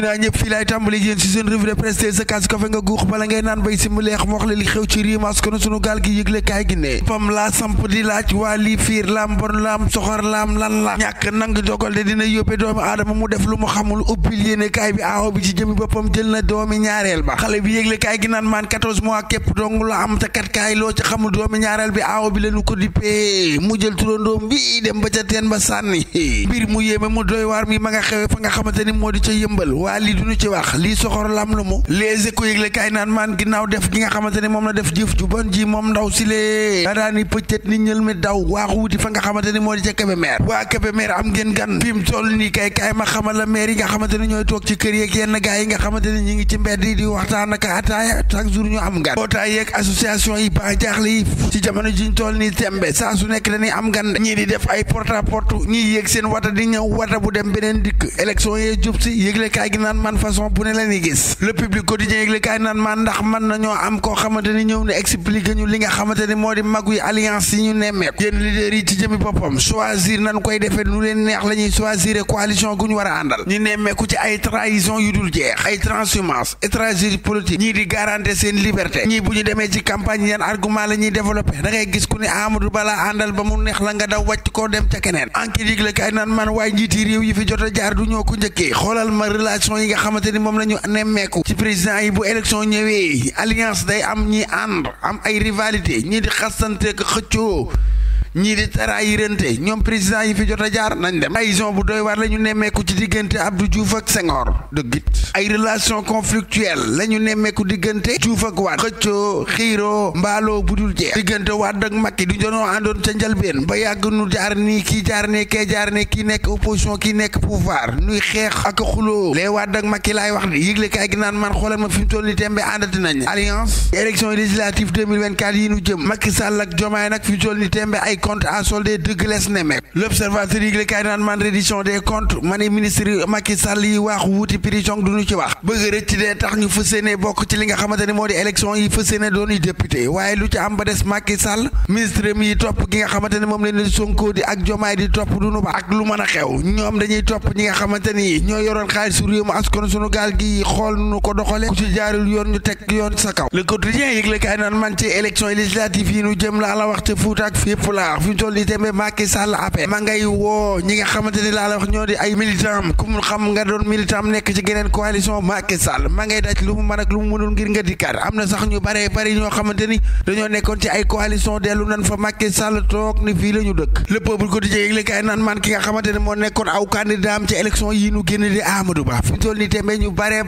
nuyu naa ñëpp fii laay tàmbali yéen ci seen revue de presse tey sa kaas kafe nga guux bala ngay naan bay si mu leex wax li xew ci riimas ko sunu gaal gi yëgle kaay gi ne maan 14 dong la am te kat kaay loo ci xamul doomi ñaareel bi aawo bi lañu ko dippee mu jël turandoom bi dem ba ca teen ba sànni mbir mu yéeme mu doy waar mi ma nga xewe fa nga xamante ni moo di ca yëmbal waaye lii duñu ci wax lii soxor lam lu mu les échos yëgle kaay naan maan ginnaaw def gi nga xamante ne moom la def jëf ju bon ji moom ndaw si lee da daani pëccët ñël mi daw waaxu wuti fa nga xamante ne moo di ca toog ci kër yeeg yenn gaa yi nga xamante ne ñi ngi ci mbedd yi di waxtaan ak ataaya chaque jour ñu am gan mbootaay yeeg association yi ba jaaxle yi ci jamono ji ñu toll nii tembe saa su nekk dañuy am gan ñii di def ay porte à porte ñii yéeg seen wata di ñëw wata bu dem beneen dikk élection yee naan man façon bu ne la ñuy gis le public quotidien yëgle naan man ndax man nañoo am koo xamante ñëw ne expliqué ñu li nga xamante ni moo di magu yi alliance yi ñu nemmeeku yéen leader yi ci jëmi boppam choisir nañ koy defee nu leen neex la ñuy coalition gu ñu a àndal ñu nemmeeku ci ay trahison yu dul jeex ay transhumance étranger politique ñii di garantir seen liberté ñii bu ñu demee ci campagne yan argument la ñuy développé gis ku ne a frustration yi nga xamante ni moom lañu ñu nemmeeku ci président yi bu élection ñëwee alliance day am ñi ànd am ay rivalité ñii di xasante ak xëccoo ñii di trahirante ñoom président yi fi jot a jaar nañ dem trahison bu doy war la ñu nemmeeku ci diggante Abdou Diouf ak Senghor dëggit ay relation conflictuelle la ñu nemmeeku diggante Diouf ak Wade xëccoo xiiroo mbaaloo bu dul jeex diggante Wade ak Macky du jonoo àndoon ca njalbeen ba yàgg nu jaar nii kii jaar ne kee jaar ne kii nekk opposition ki nekk pouvoir nuy xeex ak xuloo lee Wade ak Macky laay wax di yëgle kaay gi naan man xoolal ma fi toll ak comptes à solde dëgg lees nemeek l'observateur yëgle kaay naan man reddition des comptes ma ne ministre Macky Sall yi waax wuuti prison duñu ci wax bëgg rëcc dee tax ñu fas bokk ci li nga xamante ne moo di élection yi fas yéene doon yi député waaye lu ci am ba des Macky Sall ministre mi topp gi nga xamante moom leen Sonko di ak Jomaay di topp duñu ba ak lu mën a xew ñoom dañuy topp ñi nga xamante ni ñoo yoroon xaalis réew mu askan sunu gaal gi xool nu ko sa waar fu ñu toll nii tembe Macky Sall appe ma ngay woo ñi nga xamante laa la wax ñoo di ay militant ku mu xam nga doon militant nekk ci geneen coalition Macky Sall ma ngay daj lu mu mën ak lu mu mënul ngir nga dikkaat am na sax ñu bare bari ñoo xamante ni nekkoon ci ay coalition dellu nan fa Macky Sall toog ni fii la ñu dëkk le peuple quotidien yëgle kaay naan man ki nga xamante moo nekkoon aw candidat ci élection yi ñu génn di Amadou Ba fu ñu toll nii tembe ñu bare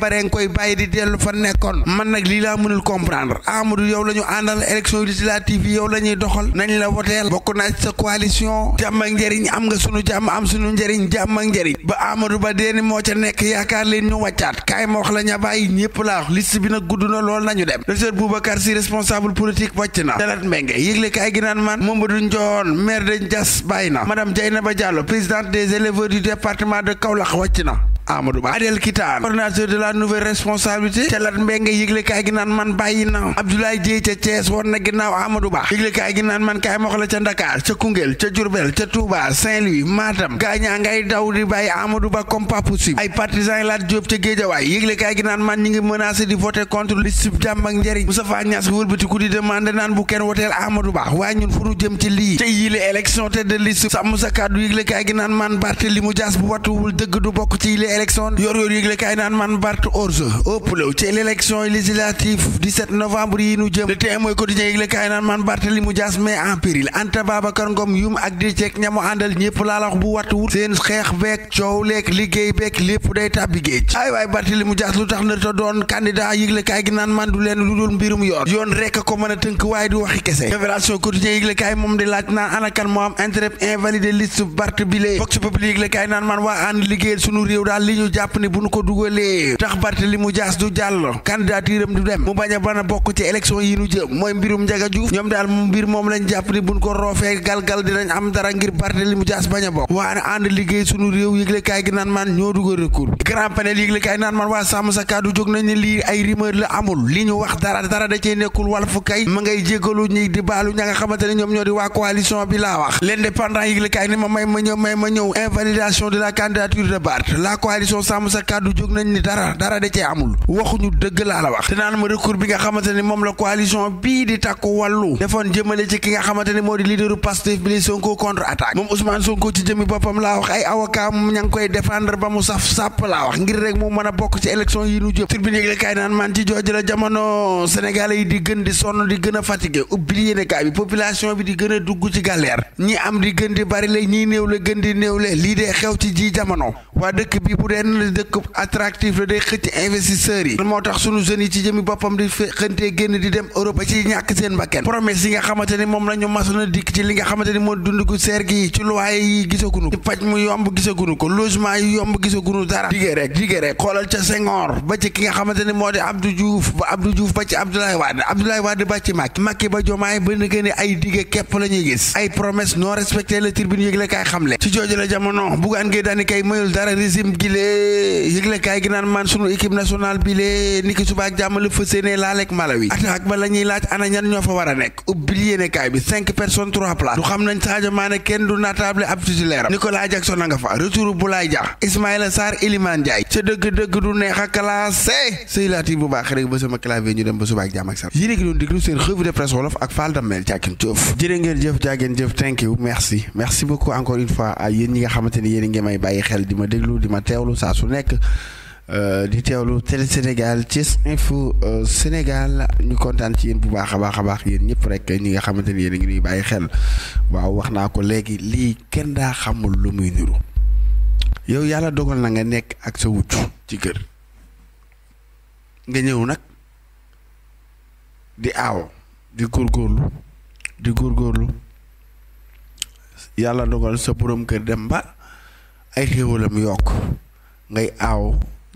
bokk naa ci sa coalition jàmm ak am nga sunu jàmm am sunu njariñ jàmm ak njëriñ ba Amadou Ba deeni moo ca nekk yaakaar leen ñu wàccaat kaay ma la ña bàyyi ñëpp laa wax bi na gudd na lool nañu dem docteur Boubacar Sy responsable politique wàcc na Dalat Mbengue yëgle kaay gi naan man Mamadou Ndione maire de Diass bàyyi na madame Dieynaba Diallo présidente des éleveurs du département de Kaolack wàcc na Amadou Ba Adel Kitaan coordonnateur de la nouvelle responsabilité ca lat mbé nga yëgle gi naan man bàyyi na Abdoulaye Dieye ca Thiès woon na ginnaaw Amadou Ba yëgle kaay gi naan man kaay mox la ca Dakar ca Koungheul ca Diourbel ca Touba Saint-Louis Matam gaañaa ngay daw di bàyyi Amadou Ba comme pas possible ay partisans yi laat Diop ca Géejawaay yëgle kaay gi naan man ñi ngi menacé di voter contre liste jàmm ak njëriñ Moustapha Niass wëlbatiku di demander naan Ba waaye ñun fu nu jëm ci lii te yile élection du bokk élection yor yor yëgle kaay naan man Bart Orze ëpplew ci l'élection législative novembre yi nu jëm le tey mooy quotidien yëgle kaay naan man Barthélémy Dias mais en péril Anta Babacar Ngom yum ak di ñamu àndal ñëpp laa la wax bu wattuwut seen xeex beek coow leeg liggéey beek lépp day tàbbi géej ay waay Barthélémy Dias lu tax na te doon candidat yëgle kaay gi naan man du leen lu dul mbirum yoon yoon rek ko mën a tënk waaye du waxi kese révélation daal li ñu jàpp ni bu ñu ko dugalee tax li mu Dias du jàll candidature am du dem mu bañ a ban a bokk ci élection yi nu jëm mooy mbirum njaga Diouf ñoom daal mbir moom lañ jàpp ni buñ ko roofee galgal dinañ am dara ngir Barthélémy Dias bañ baña bokk waa ànd liggéey sunu réew yëglekaay gi naan maan ñoo dugal recours bi grand panel yëglekaay naan maan waa sàmm sa kàddu jóg nañ lii ay rumeur la amul li ñu wax dara dara da cee nekkul Walf kay ma ngay jégalu ñi di baalu ña nga xamante ne ñoom ñoo di waa coalition bi laa wax l'indépendant yëglekaay ni ma may ma may ma ñëw invalidation de la candidature de Barth coalition sàmm sa kàddu jóg nañ ni dara dara da cee amul waxuñu dëgg laa la wax te naan ma recours bi nga xamante ni moom la coalition bii di takku wàllu defoon jëmale ci ki nga xamante ni moo di leaderu Pastef bi li Sonko contre attaque moom Ousmane Sonko ci jëmi boppam laa wax ay avocat mu ña koy défendre ba mu saf sàpp laa wax ngir rek mu mën a bokk ci élection yi nu jëm tribune yëgle kaay naan man ci jooju la jamono sénégalais yi di gën di sonn di gën a fatigué oublié ne kaay bi population bi di gën a dugg ci galère ñi am di gën di bari la ñiy néew la gën di néew la lii dee xew ci ji jamono waa dëkk bi bu deen dëkk attractif la day xëcc investisseurs yi moo tax sunu jeunes yi ci jëmi boppam di xëntee génn di dem Europe ci ñàkk seen bakkan promesse yi nga xamante moom la ñu masona dikk ci li nga xamante ni moo dund gu seer gi ci loyer yi gisagunu ko ci paj mu yomb gisagunu ko logement yi yomb gisagunu dara digée rek digée rek xoolal ca Senghor ba ci ki nga xamante ni moo di Abdou Diouf ba Abdou Diouf ba ci Abdoulaye Wade Abdoulaye Wade ba ci Macky Macky ba Diomaye ba na la ñuy gis ay promesse non respectées la tribune yëgle kaay régime gi lee gi naan man sunu équipe nationale bi niki suba ak jàmm la fas yéene laaleeg Malawi attaque ba la ñuy laaj ana ñan ñoo fa war a nekk ubbil yéenekaay bi cinq trois places du xam nañ Sadio Mané kenn du naatable ab titulaire Nicolas Jackson a nga fa retour Boulaye Dia Ismaïla Sarr Iliman Ndiaye ca dëgg-dëgg du neex a classé sëy laati bu baax rek ba sama clavier ñu dem ba suba ak jàmm ak sax a ngi doon déglu seen revue de ne a ngi may déglu di ma teewlu saa su nekk euh, di teewlu Télé Sénégal Thiès Info euh, Sénégal ñu kontaan ci yéen bu baax a baax a baax yéen ñëpp rek ñi nga xamante ni yéen a ngi nuy bàyyi xel waaw wax naa ko léegi lii kenn daa xamul lu muy niru yow yàlla dogal na nga nekk ak sa wujj ci kër nga ñëw nag di aaw di góorgóorlu di góorgóorlu yàlla dogal sa borom kër dem ba ay xéwalam yokk ngay aaw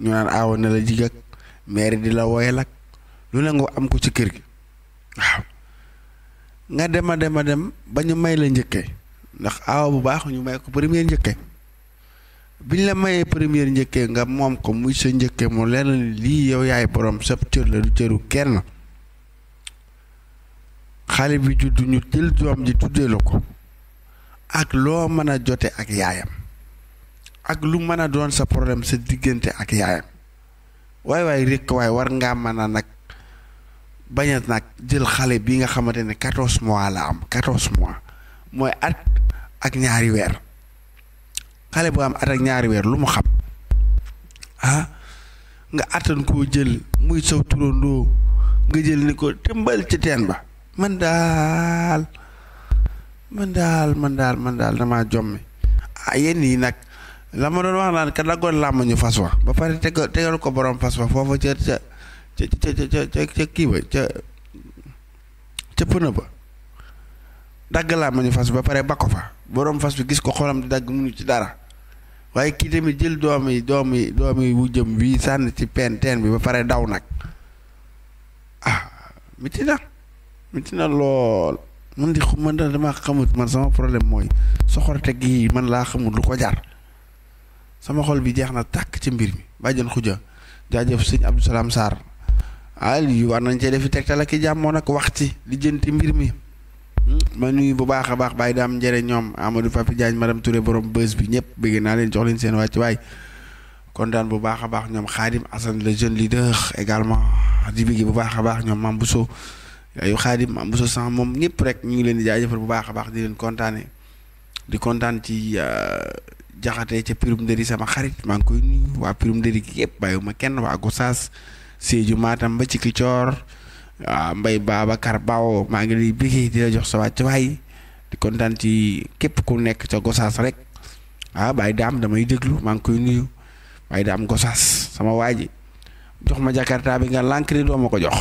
ñu naan aaw na la jig ak maire di la woyal ak lu ne nga am ko ci kër gi waaw nga dem a dem a dem ba ñu may la njëkke ndax aw bu baax ñu may ko première njëkke bi ñu la mayee première njëkkee nga moom ko muy sa njëkkee mu lenn lii yow yaay borom sab cër la du cëru kenn xale bi juddu ñu jël doom ji tuddee la ko ak loo mën a jote ak yaayam ak lu mën a doon sa problème sa diggante ak yaayam waaye waaye rek waaye war ngaa mën a nag bañ nag jël xale bi nga xamante ne quatorze moi la am quatorze mois mooy at ak ñaari weer xale bu am at ñaari weer lu mu xam ah nga attan koo jël muy saw turandoo nga jël ni ko tëmbal ci teen ba man daal man daal man daal man daal jommi ah yenn yi nag la ma doon wax naan ka daggoon làmm ñu fas wa ba pare teg tegal ko borom fas wa foofu ca ca ca ca kii ba ca ca pëna ba dagg làmm ñu fas ba pare ba ko fa borom fas bi gis ko xolam di dagg munu ci dara waaye kii tamit jël doom yi doom yi doom yi wu jëm wii sànni ci pen teen bi ba pare daw nag ah miti na na lool man di man dama xamut man sama problème mooy soxorte gi man laa xamut lu ko jar sama xol bi jeex na tàkk ci mbir mi bàjjen xuja jaajëf sëñ Abdou Salaam Sarr ah war nañ cee defi tegtal ak i jàmmoo nag wax ci lijjanti mbir mi hmm? ma nuyu bu baax a baax bàyyi daam njëre ñoom Amadou Papi Diagne madame ture borom bës bi ñëpp bëgg naa leen jox leen seen wàcc waay kontaan bu baax a baax ñoom Xaadim Assane le jeune leader également di bëgg bu baax a baax ñoom Mame Bousso yaayu Xaadim Mame Bousso moom ñëpp rek ñu ngi leen di jaajëfal bu baax a baax di leen kontaane kontaan ci. Euh, jaxatee ca pirum ndëri sama xarit maa ngi koy nuyu waa pirum ndëri gi yëpp ma kenn waa Gosaas Sédhiou Matam ba ci ki coor waa Mbaye maa ngi lay bégee jox sa waay di kontaan ci képp ku nekk ca Gosaas rek ah Baye Dame damay déglu maa ngi koy nuyu Baye Dame Gosaas sama waa ji jox ma Jakarta bi nga lànk doo ma ko jox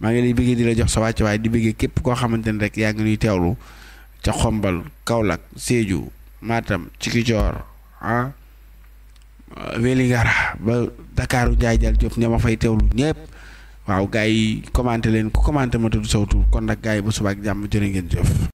maa ngi lay bégee di la jox sa wàcc waay di bégee képp koo xamante ne rek yaa ngi nuy teewlu ca Xombal Kaolack Sédhiou. Matam Ziguinchor ah Vélingara ba Dakaaru Njaay Jal jof ña ma fay teewlu ñëpp waaw gaa yi commenté leen ku commenté ma tudd sawtu kon nag gaa yi ba subaak jàmm jërë ngeen jëf